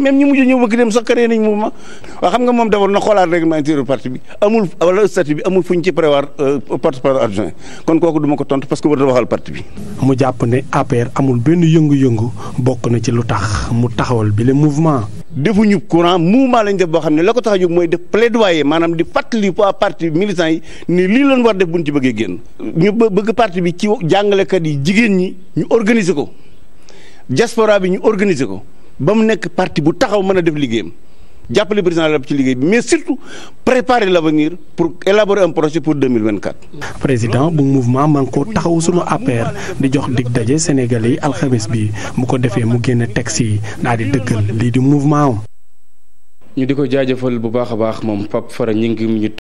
même ñi mujj ñëw bëgg dem sax créé nañ mouvement waaw xam nga moom d'abord na xoolaat règlement intérieur parti bi amul wala statut bi amul fu ñu ci prévoir euh, porte-parole adjoint kon kooku duma ko tontu parce que war na waxal parti bi. mu jàpp ne APR amul benn yëngu-yëngu bokk na ci lu tax mu taxawal bi le mouvement. defuñu courant mouvement lañ def boo xam ne la ko tax a jóg mooy def plaidoyer maanaam di fàttali waa parti militant yi ni lii lañ war def buñ ci bëggee génn. ñu bëgg parti bi ci jàngalekat yi jigéen ñi ñu organiser ko diaspora bi ñu organiser ko. ba mu nekk parti bu taxaw mën a def liggéeyam jàppale président la ci liggéey bi mais surtout la l' ngir pour élaborer un projet pour 2024. président bu mouvement Manko taxaw sunu APR di jox dig daje sénégali alxamis bi mu ko defee mu génn texte yi daal di dëggal lii di mouvement am. ñu di ko jaajëfal bu baax a baax moom Pape Fara ñu ngi